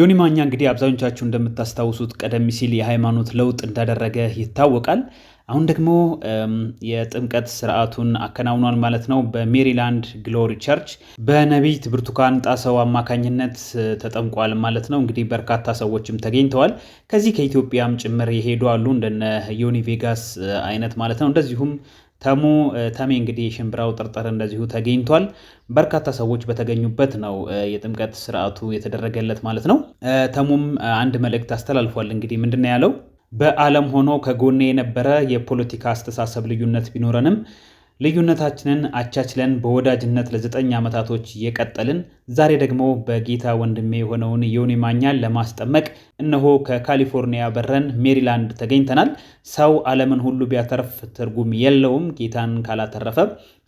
ዮኒ ማኛ እንግዲህ አብዛኞቻችሁ እንደምታስታውሱት ቀደም ሲል የሃይማኖት ለውጥ እንዳደረገ ይታወቃል። አሁን ደግሞ የጥምቀት ስርዓቱን አከናውኗል ማለት ነው። በሜሪላንድ ግሎሪ ቸርች በነቢይት ብርቱካን ጣሰው አማካኝነት ተጠምቋል ማለት ነው። እንግዲህ በርካታ ሰዎችም ተገኝተዋል። ከዚህ ከኢትዮጵያም ጭምር የሄዱ አሉ እንደነ ዮኒ ቬጋስ አይነት ማለት ነው። እንደዚሁም ተሙ ተሜ እንግዲህ የሽምብራው ጥርጥር እንደዚሁ ተገኝቷል። በርካታ ሰዎች በተገኙበት ነው የጥምቀት ስርዓቱ የተደረገለት ማለት ነው። ተሙም አንድ መልእክት አስተላልፏል። እንግዲህ ምንድን ነው ያለው? በዓለም ሆኖ ከጎኔ የነበረ የፖለቲካ አስተሳሰብ ልዩነት ቢኖረንም ልዩነታችንን አቻችለን በወዳጅነት ለዘጠኝ ዓመታቶች የቀጠልን ዛሬ ደግሞ በጌታ ወንድሜ የሆነውን ዮኒ ማኛን ለማስጠመቅ እነሆ ከካሊፎርኒያ በረን ሜሪላንድ ተገኝተናል። ሰው ዓለምን ሁሉ ቢያተርፍ ትርጉም የለውም ጌታን ካላተረፈ።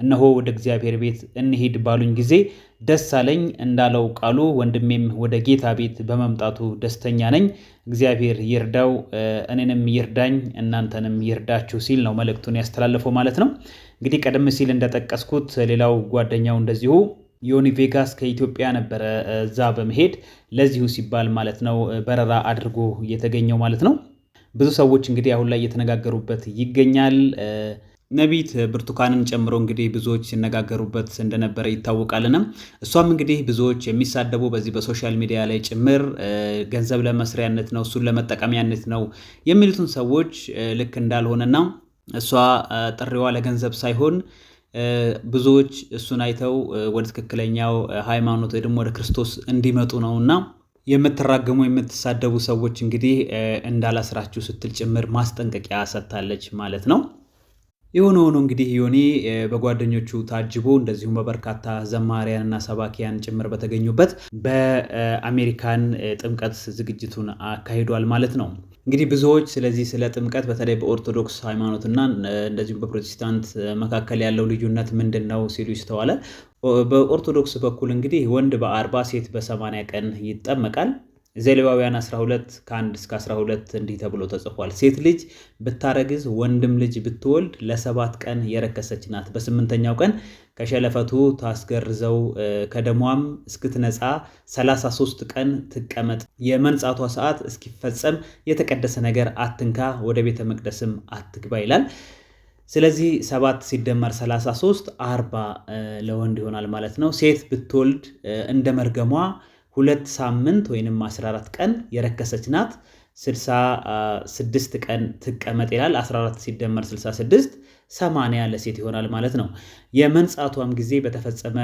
እነሆ ወደ እግዚአብሔር ቤት እንሂድ ባሉኝ ጊዜ ደስ አለኝ እንዳለው ቃሉ ወንድሜም ወደ ጌታ ቤት በመምጣቱ ደስተኛ ነኝ። እግዚአብሔር ይርዳው፣ እኔንም ይርዳኝ፣ እናንተንም ይርዳችሁ ሲል ነው መልእክቱን ያስተላለፈው ማለት ነው። እንግዲህ ቀደም ሲል እንደጠቀስኩት ሌላው ጓደኛው እንደዚሁ ዮኒ ቬጋስ ከኢትዮጵያ ነበረ እዛ በመሄድ ለዚሁ ሲባል ማለት ነው በረራ አድርጎ የተገኘው ማለት ነው። ብዙ ሰዎች እንግዲህ አሁን ላይ እየተነጋገሩበት ይገኛል። ነቢት ብርቱካንን ጨምሮ እንግዲህ ብዙዎች ሲነጋገሩበት እንደነበረ ይታወቃልና እሷም እንግዲህ ብዙዎች የሚሳደቡ በዚህ በሶሻል ሚዲያ ላይ ጭምር ገንዘብ ለመስሪያነት ነው፣ እሱን ለመጠቀሚያነት ነው የሚሉትን ሰዎች ልክ እንዳልሆነና እሷ ጥሪዋ ለገንዘብ ሳይሆን ብዙዎች እሱን አይተው ወደ ትክክለኛው ሃይማኖት ወይ ደግሞ ወደ ክርስቶስ እንዲመጡ ነውና የምትራገሙ የምትሳደቡ ሰዎች እንግዲህ እንዳላስራችሁ ስትል ጭምር ማስጠንቀቂያ ሰጥታለች ማለት ነው። የሆነ ሆኖ እንግዲህ ዮኒ በጓደኞቹ ታጅቦ እንደዚሁም በበርካታ እና ሰባኪያን ጭምር በተገኙበት በአሜሪካን ጥምቀት ዝግጅቱን አካሂዷል ማለት ነው። እንግዲህ ብዙዎች ስለዚህ ስለ ጥምቀት በተለይ በኦርቶዶክስ ሃይማኖትና እንደዚሁም በፕሮቴስታንት መካከል ያለው ልዩነት ምንድን ነው ሲሉ ይስተዋላል። በኦርቶዶክስ በኩል እንግዲህ ወንድ በአርባ ሴት በሰማንያ ቀን ይጠመቃል። ዘሌዋውያን 12 ከ1 እስከ 12 እንዲህ ተብሎ ተጽፏል። ሴት ልጅ ብታረግዝ ወንድም ልጅ ብትወልድ ለሰባት ቀን የረከሰች ናት። በስምንተኛው ቀን ከሸለፈቱ ታስገርዘው ከደሟም እስክትነጻ 33 ቀን ትቀመጥ። የመንጻቷ ሰዓት እስኪፈጸም የተቀደሰ ነገር አትንካ፣ ወደ ቤተ መቅደስም አትግባ ይላል። ስለዚህ ሰባት ሲደመር 33 አርባ ለወንድ ይሆናል ማለት ነው። ሴት ብትወልድ እንደ መርገሟ ሁለት ሳምንት ወይንም 14 ቀን የረከሰች ናት። 66 ቀን ትቀመጥ ይላል። 14 ሲደመር 66 ሰማንያ ለሴት ይሆናል ማለት ነው። የመንጻቷም ጊዜ በተፈጸመ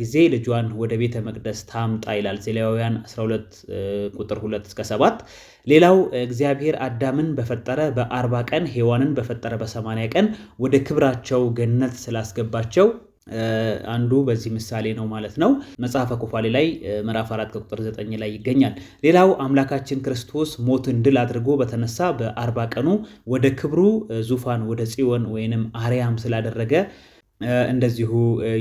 ጊዜ ልጇን ወደ ቤተ መቅደስ ታምጣ ይላል ዘሌዋውያን 12 ቁጥር 2 እስከ 7። ሌላው እግዚአብሔር አዳምን በፈጠረ በአርባ ቀን ሔዋንን በፈጠረ በሰማንያ ቀን ወደ ክብራቸው ገነት ስላስገባቸው አንዱ በዚህ ምሳሌ ነው ማለት ነው። መጽሐፈ ኩፋሌ ላይ ምዕራፍ 4 ቁጥር 9 ላይ ይገኛል። ሌላው አምላካችን ክርስቶስ ሞትን ድል አድርጎ በተነሳ በአርባ ቀኑ ወደ ክብሩ ዙፋን ወደ ጽዮን ወይንም አርያም ስላደረገ እንደዚሁ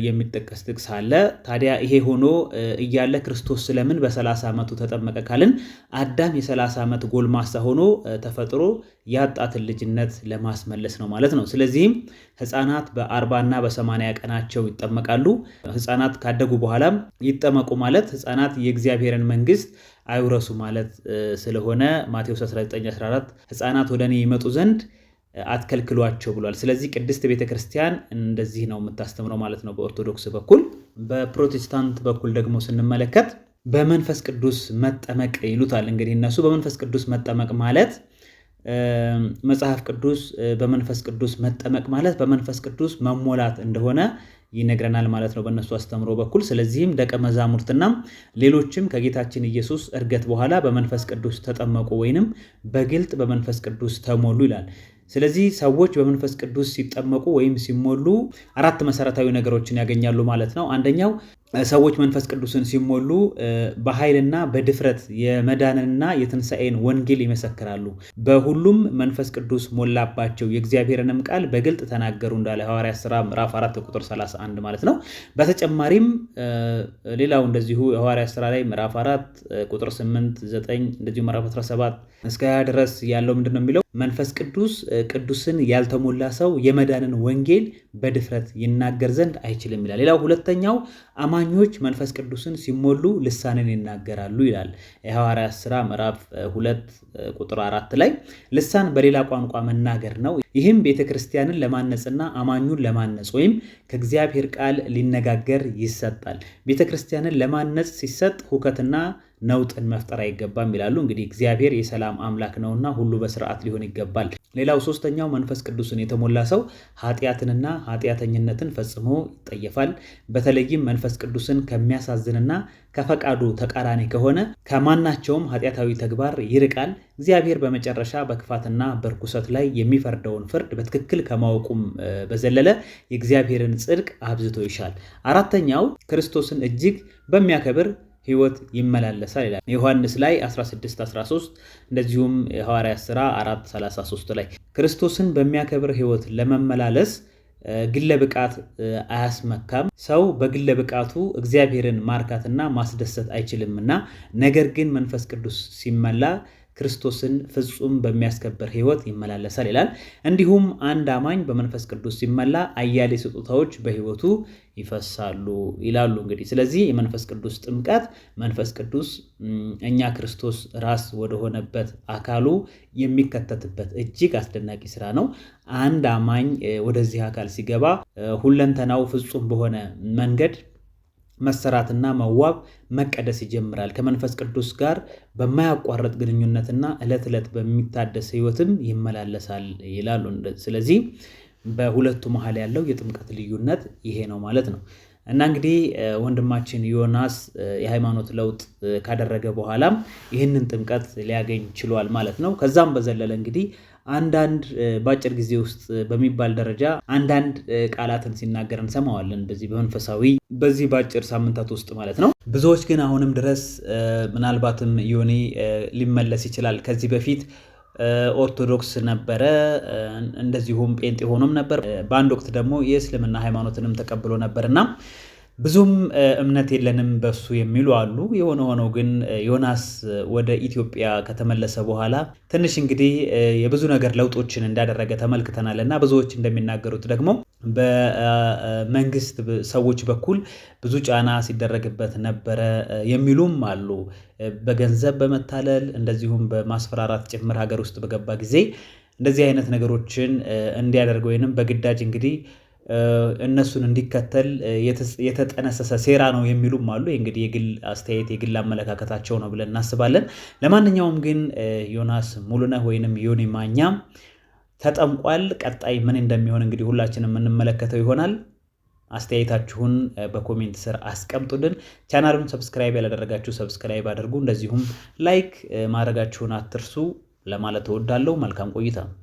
የሚጠቀስ ጥቅስ አለ። ታዲያ ይሄ ሆኖ እያለ ክርስቶስ ስለምን በሰላሳ ዓመቱ ተጠመቀ ካልን አዳም የሰላሳ ዓመት ጎልማሳ ሆኖ ተፈጥሮ ያጣትን ልጅነት ለማስመለስ ነው ማለት ነው። ስለዚህም ሕፃናት በአርባና 80 ቀናቸው ይጠመቃሉ። ሕፃናት ካደጉ በኋላም ይጠመቁ ማለት ሕፃናት የእግዚአብሔርን መንግስት አይውረሱ ማለት ስለሆነ ማቴዎስ 1914 ሕፃናት ወደ እኔ ይመጡ ዘንድ አትከልክሏቸው ብሏል። ስለዚህ ቅድስት ቤተ ክርስቲያን እንደዚህ ነው የምታስተምረው ማለት ነው በኦርቶዶክስ በኩል። በፕሮቴስታንት በኩል ደግሞ ስንመለከት በመንፈስ ቅዱስ መጠመቅ ይሉታል። እንግዲህ እነሱ በመንፈስ ቅዱስ መጠመቅ ማለት መጽሐፍ ቅዱስ በመንፈስ ቅዱስ መጠመቅ ማለት በመንፈስ ቅዱስ መሞላት እንደሆነ ይነግረናል ማለት ነው በእነሱ አስተምሮ በኩል። ስለዚህም ደቀ መዛሙርትና ሌሎችም ከጌታችን ኢየሱስ እርገት በኋላ በመንፈስ ቅዱስ ተጠመቁ ወይንም በግልጥ በመንፈስ ቅዱስ ተሞሉ ይላል። ስለዚህ ሰዎች በመንፈስ ቅዱስ ሲጠመቁ ወይም ሲሞሉ አራት መሰረታዊ ነገሮችን ያገኛሉ ማለት ነው። አንደኛው ሰዎች መንፈስ ቅዱስን ሲሞሉ በኃይልና በድፍረት የመዳንንና የትንሣኤን ወንጌል ይመሰክራሉ። በሁሉም መንፈስ ቅዱስ ሞላባቸው፣ የእግዚአብሔርንም ቃል በግልጥ ተናገሩ እንዳለ ሐዋርያት ሥራ ምዕራፍ 4 ቁጥር 31 ማለት ነው። በተጨማሪም ሌላው እንደዚሁ የሐዋርያት ሥራ ላይ ምዕራፍ 4 ቁጥር 8፣ 9 እንደዚሁ ምዕራፍ 17 እስከ 20 ድረስ ያለው ምንድን ነው የሚለው? መንፈስ ቅዱስ ቅዱስን ያልተሞላ ሰው የመዳንን ወንጌል በድፍረት ይናገር ዘንድ አይችልም ይላል። ሌላው ሁለተኛው አማ አማኞች መንፈስ ቅዱስን ሲሞሉ ልሳንን ይናገራሉ ይላል የሐዋርያት ሥራ ምዕራፍ ሁለት ቁጥር አራት ላይ ልሳን በሌላ ቋንቋ መናገር ነው። ይህም ቤተ ክርስቲያንን ለማነጽና አማኙን ለማነጽ ወይም ከእግዚአብሔር ቃል ሊነጋገር ይሰጣል። ቤተ ክርስቲያንን ለማነጽ ሲሰጥ ሁከትና ነውጥን መፍጠር አይገባም ይላሉ። እንግዲህ እግዚአብሔር የሰላም አምላክ ነውና ሁሉ በስርዓት ሊሆን ይገባል። ሌላው ሶስተኛው መንፈስ ቅዱስን የተሞላ ሰው ኃጢአትንና ኃጢአተኝነትን ፈጽሞ ይጠየፋል። በተለይም መንፈስ ቅዱስን ከሚያሳዝንና ከፈቃዱ ተቃራኒ ከሆነ ከማናቸውም ኃጢአታዊ ተግባር ይርቃል። እግዚአብሔር በመጨረሻ በክፋትና በርኩሰት ላይ የሚፈርደውን ፍርድ በትክክል ከማወቁም በዘለለ የእግዚአብሔርን ጽድቅ አብዝቶ ይሻል። አራተኛው ክርስቶስን እጅግ በሚያከብር ህይወት ይመላለሳል ይላል ዮሐንስ ላይ 16 13 እንደዚሁም የሐዋርያት ሥራ 4 33 ላይ ክርስቶስን በሚያከብር ህይወት ለመመላለስ ግለ ብቃት አያስመካም። ሰው በግለ ብቃቱ እግዚአብሔርን ማርካትና ማስደሰት አይችልምና ነገር ግን መንፈስ ቅዱስ ሲመላ ክርስቶስን ፍጹም በሚያስከብር ህይወት ይመላለሳል ይላል። እንዲሁም አንድ አማኝ በመንፈስ ቅዱስ ሲመላ አያሌ ስጦታዎች በህይወቱ ይፈሳሉ ይላሉ። እንግዲህ ስለዚህ የመንፈስ ቅዱስ ጥምቀት መንፈስ ቅዱስ እኛ ክርስቶስ ራስ ወደሆነበት አካሉ የሚከተትበት እጅግ አስደናቂ ስራ ነው። አንድ አማኝ ወደዚህ አካል ሲገባ ሁለንተናው ፍጹም በሆነ መንገድ መሰራትና መዋብ መቀደስ ይጀምራል። ከመንፈስ ቅዱስ ጋር በማያቋረጥ ግንኙነትና ዕለት ዕለት በሚታደስ ህይወትም ይመላለሳል ይላሉ። ስለዚህ በሁለቱ መሀል ያለው የጥምቀት ልዩነት ይሄ ነው ማለት ነው እና እንግዲህ ወንድማችን ዮናስ የሃይማኖት ለውጥ ካደረገ በኋላም ይህንን ጥምቀት ሊያገኝ ችሏል ማለት ነው። ከዛም በዘለለ እንግዲህ አንዳንድ በአጭር ጊዜ ውስጥ በሚባል ደረጃ አንዳንድ ቃላትን ሲናገር እንሰማዋለን። በዚህ በመንፈሳዊ በዚህ በአጭር ሳምንታት ውስጥ ማለት ነው። ብዙዎች ግን አሁንም ድረስ ምናልባትም ዮኒ ሊመለስ ይችላል። ከዚህ በፊት ኦርቶዶክስ ነበረ፣ እንደዚሁም ጴንጤ ሆኖም ነበር። በአንድ ወቅት ደግሞ የእስልምና ሃይማኖትንም ተቀብሎ ነበር እና ብዙም እምነት የለንም በሱ የሚሉ አሉ። የሆነ ሆኖ ግን ዮናስ ወደ ኢትዮጵያ ከተመለሰ በኋላ ትንሽ እንግዲህ የብዙ ነገር ለውጦችን እንዳደረገ ተመልክተናል እና ብዙዎች እንደሚናገሩት ደግሞ በመንግስት ሰዎች በኩል ብዙ ጫና ሲደረግበት ነበረ የሚሉም አሉ። በገንዘብ በመታለል እንደዚሁም በማስፈራራት ጭምር ሀገር ውስጥ በገባ ጊዜ እንደዚህ አይነት ነገሮችን እንዲያደርግ ወይንም በግዳጅ እንግዲህ እነሱን እንዲከተል የተጠነሰሰ ሴራ ነው የሚሉም አሉ። እንግዲህ የግል አስተያየት የግል አመለካከታቸው ነው ብለን እናስባለን። ለማንኛውም ግን ዮናስ ሙሉነህ ወይንም ዮኒ ማኛ ተጠምቋል። ቀጣይ ምን እንደሚሆን እንግዲህ ሁላችንም የምንመለከተው ይሆናል። አስተያየታችሁን በኮሜንት ስር አስቀምጡልን። ቻናሉን ሰብስክራይብ ያላደረጋችሁ ሰብስክራይብ አድርጉ፣ እንደዚሁም ላይክ ማድረጋችሁን አትርሱ ለማለት እወዳለሁ። መልካም ቆይታ ነው።